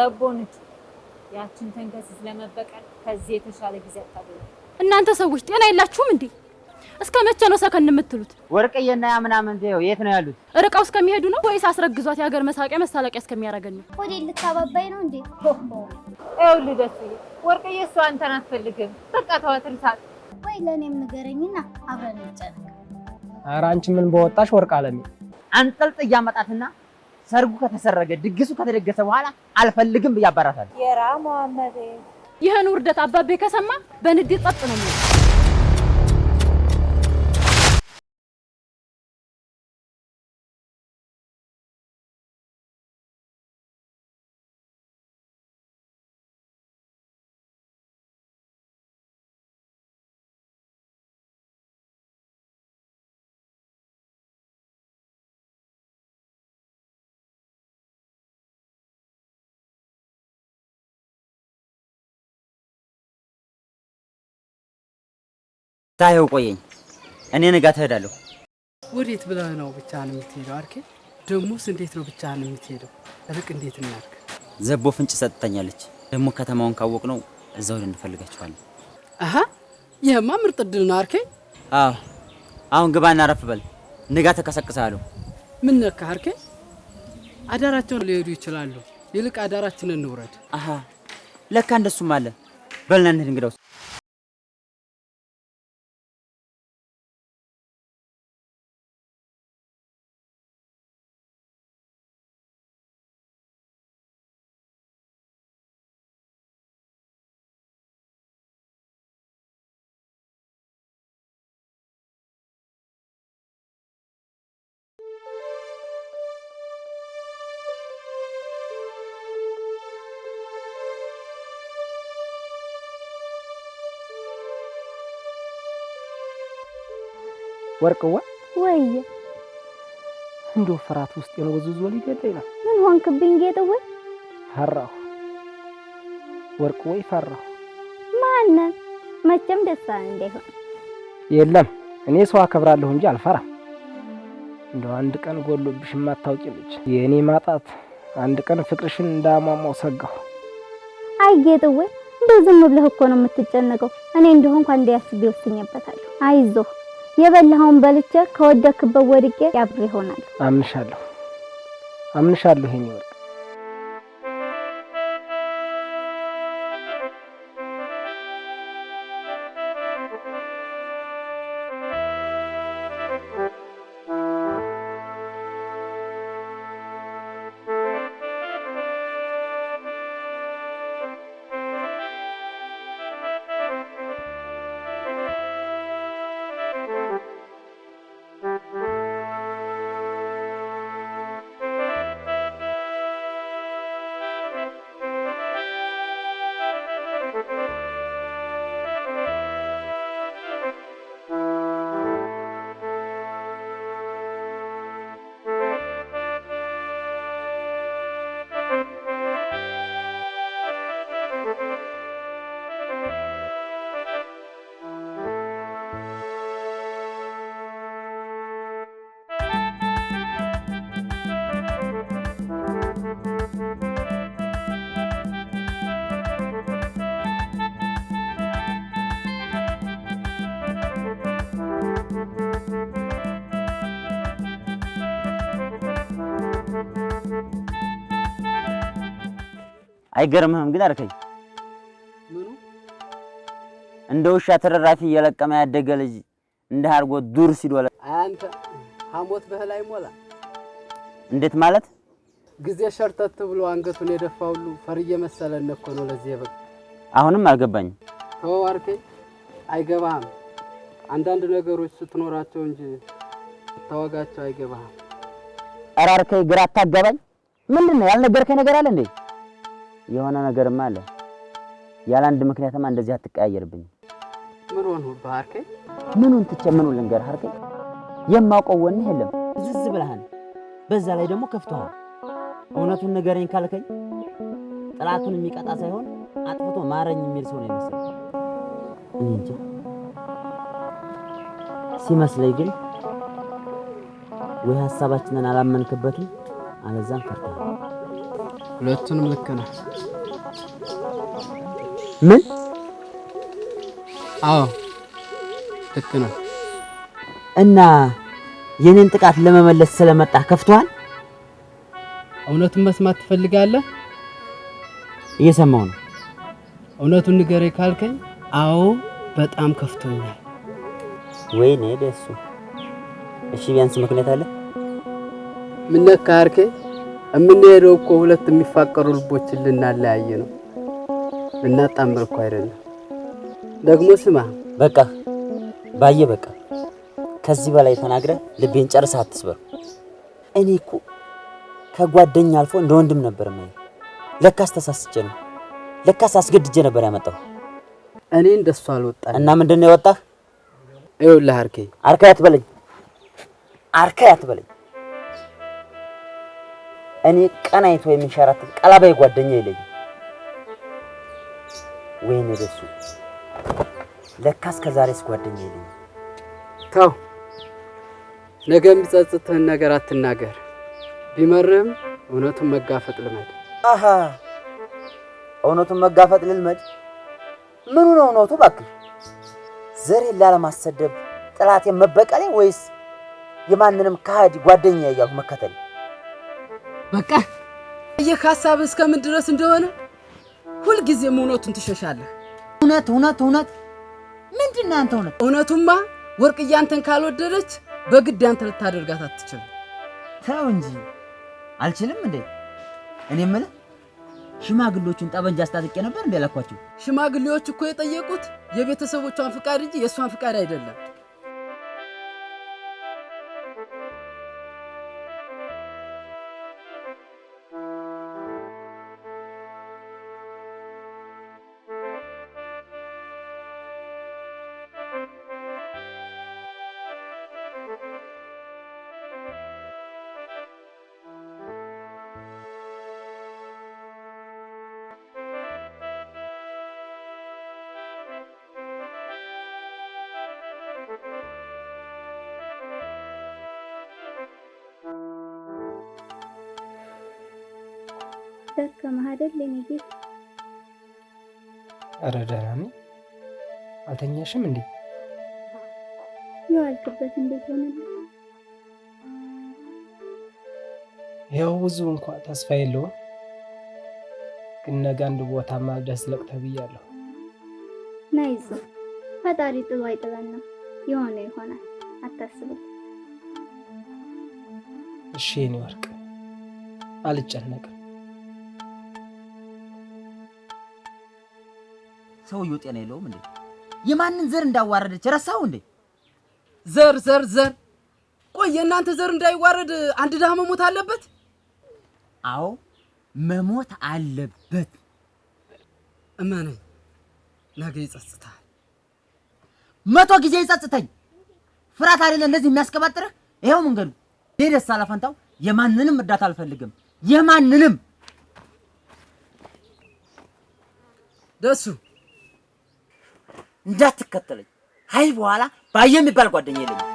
ዘቦንት ያችን ተንከሲስ ለመበቀል ከዚህ የተሻለ ጊዜ አጣብለ። እናንተ ሰዎች ጤና የላችሁም እንዴ? እስከ መቼ ነው ሰከን የምትሉት? ወርቅዬና ያ ምናምን የት ነው ያሉት? እርቀው እስከሚሄዱ ነው ወይስ አስረግዟት የሀገር መሳቂያ መሳለቂያ እስከሚያደርገን ነው? ወዴ ልታባባይ ነው እንዴ? ይኸው ልደት ወርቅዬ እሷ አንተን አትፈልግም። በቃ ተዋት ልሳት ወይ ለእኔም ንገረኝና አብረን እንጨነቅ። ኧረ ምን በወጣሽ ወርቅ አለሜ አንጠልጥ እያመጣትና ሰርጉ ከተሰረገ ድግሱ ከተደገሰ በኋላ አልፈልግም ብያባራታል። የራ መሐመድ ይህን ውርደት አባቤ ከሰማ በንዴት ጸጥ ነው። ታየው ቆየኝ፣ እኔ ንጋ ትሄዳለሁ። ወዴት ብለህ ነው ብቻህን የምትሄደው? አርኬ ደግሞስ እንዴት ነው ብቻህን የምትሄደው? እልቅ እንዴት እናርክ? ዘቦ ፍንጭ ሰጥተኛለች። ደግሞ ከተማውን ካወቅ ነው እዛው እንፈልጋቸዋለን። አሀ ይህማ ምርጥ እድል ነው አርኬ። አዎ አሁን ግባ እናረፍበል በል፣ ንጋ ተቀሰቅሳለሁ። ምን ነካ አርኬ? አዳራቸውን ሊሄዱ ይችላሉ። ይልቅ አዳራችንን እንውረድ። አሀ ለካ እንደሱም አለ። በልና እንሂድ እንግዳውስ ወርቅዋ ወይ እንዶ ፍርሃት ውስጥ ነው ብዙ ዞል ይገደይ ነው። ምን ሆንክብኝ ጌጥዌ? ፈራሁ ወርቅዌ ፈራሁ። ማነ መቼም ደስታ እንዳይሆን የለም። እኔ ሰው አከብራለሁ እንጂ አልፈራም። እንደው አንድ ቀን ጎሎብሽ የማታውቂ ልጅ የእኔ ማጣት አንድ ቀን ፍቅርሽን እንዳሟሟው ሰጋሁ። አይ ጌጥዌ እንደው ዝም ብለህ እኮ ነው የምትጨነቀው። እኔ እንደሆን እንኳን እንዲያስብ ይወስኝበታል። አይዞህ የበላኸውን በልቼ ከወደክበት ወድቄ ያብሬ ይሆናል። አምንሻለሁ፣ አምንሻለሁ ይሄን አይገርምህም ግን አርከኝ እንደ ውሻ ተረራፊ እየለቀመ ያደገ ልጅ እንደ አድርጎ ዱር ሲዶለ አንተ ሐሞት በህል አይሞላ። እንዴት ማለት ጊዜ ሸርተት ብሎ አንገቱን የደፋ ሁሉ ፈር እየመሰለን እኮ ነው። ለዚህ በቃ አሁንም አልገባኝም። ተወው አርኬ፣ አይገባህም። አንዳንድ ነገሮች ስትኖራቸው እንጂ ስታወጋቸው አይገባህም። ከይ ግራ አታገባኝ። ምንድን ነው ያልነገርከኝ ነገር አለ እንዴ? የሆነ ነገርማ አለ። ያለ አንድ ምክንያትማ እንደዚህ አትቀያየርብኝ። ምን ሆነ ባርኬ? ምኑን ትቼ ምኑን ልንገርህ አርኬ? የማውቀው ወንህ የለም። ዝዝ ብለሃል፣ በዛ ላይ ደግሞ ከፍተሃል። እውነቱን ንገረኝ ካልከኝ ጥላቱን የሚቀጣ ሳይሆን አጥፍቶ ማረኝ የሚል ሰው ነው ይመስል። እንጂ ሲመስለኝ ግን ወይ ሀሳባችንን አላመንክበትም፣ አለዛም ፈርተሃል። ሁለቱንም ልክ ነህ። ምን? አዎ ልክ ነህ። እና የኔን ጥቃት ለመመለስ ስለመጣ ከፍቷል። እውነቱን መስማት ትፈልጋለህ? እየሰማው ነው። እውነቱን ንገሬ ካልከኝ፣ አዎ በጣም ከፍቶኛል። ወይኔ ደሱ እሺ ቢያንስ ምክንያት አለ። ምን ነካ አርኬ? የምንሄደው እኮ ሁለት የሚፋቀሩ ልቦችን ልናለያየ ነው። ልናጣምር እኮ አይደለም። ደግሞ ስማ፣ በቃ ባየ፣ በቃ ከዚህ በላይ ተናግረ ልቤን ጨርሰ አትስበር። እኔ እኮ ከጓደኛ አልፎ እንደ ወንድም ነበር ማለት ለካስ ተሳስቼ ነው። ለካስ አስገድጄ ነበር ያመጣው። እኔ እንደሱ አልወጣ እና ምንድነው ነው የወጣህ? ይኸውልህ አርኬ አርኬ አትበለኝ አርካ አትበለኝ። እኔ ቀናይቶ ሸራት ቀላባይ ጓደኛ የለኝም። ወይኔ ደሱ ለካስ ከዛሬስ ጓደኛ የለኝም። ተው ነገ የሚጸጽትህን ነገር አትናገር። ቢመርህም እውነቱን መጋፈጥ ልመድ። አሃ እውነቱን መጋፈጥ ልልመድ? ምኑ ነው እውነቱ? እባክህ ዘሬን ላለማሰደብ ጥላቴን መበቀሌ ወይስ የማንንም ከሃዲ ጓደኛ እያልኩ መከተል በቃ ይህ ሀሳብ እስከምን ድረስ እንደሆነ ሁልጊዜም እውነቱን ትሸሻለህ። እውነት እውነት እውነት ምንድን ነው አንተ እውነት? እውነቱማ ወርቅዬ አንተን ካልወደደች በግድ አንተ ልታደርጋት አትችልም። ተው እንጂ አልችልም እንዴ? እኔ የምልህ ሽማግሌዎቹን ጠበንጃ አስታጥቄ ነበር እንደ ላኳቸው። ሽማግሌዎች እኮ የጠየቁት የቤተሰቦቿን ፍቃድ እንጂ የእሷን ፍቃድ አይደለም። ደከመህ አይደል የኔ ጌታ? ኧረ ደህና ነኝ። አልተኛሽም እንዴ? የዋልክበት እንዴት ሆነልህ? ያው ብዙ እንኳ ተስፋ የለውም፣ ግን ነገ አንድ ቦታ ማልደስ ለቅ ተብያለሁ። ናይዝ ፈጣሪ ጥሎ አይጥለና የሆነ ይሆናል፣ አታስብል። እሺ የኔ ወርቅ፣ አልጨነቅም። ሰውየው ጤና የለውም እንዴ? የማንን ዘር እንዳዋረደች ረሳው እንዴ? ዘር ዘር ዘር። ቆይ የእናንተ ዘር እንዳይዋረድ አንድ ድሃ መሞት አለበት? አዎ መሞት አለበት። እመነኝ፣ ነገ ይጸጽታል። መቶ ጊዜ ይጸጽተኝ። ፍርሃት አይደለ እንደዚህ የሚያስቀባጥረህ? ይኸው መንገዱ ደስ አላፈንታው። የማንንም እርዳታ አልፈልግም። የማንንም ደሱ እንዳትከተለኝ አይ በኋላ ባየ የሚባል ጓደኛ የለኝ።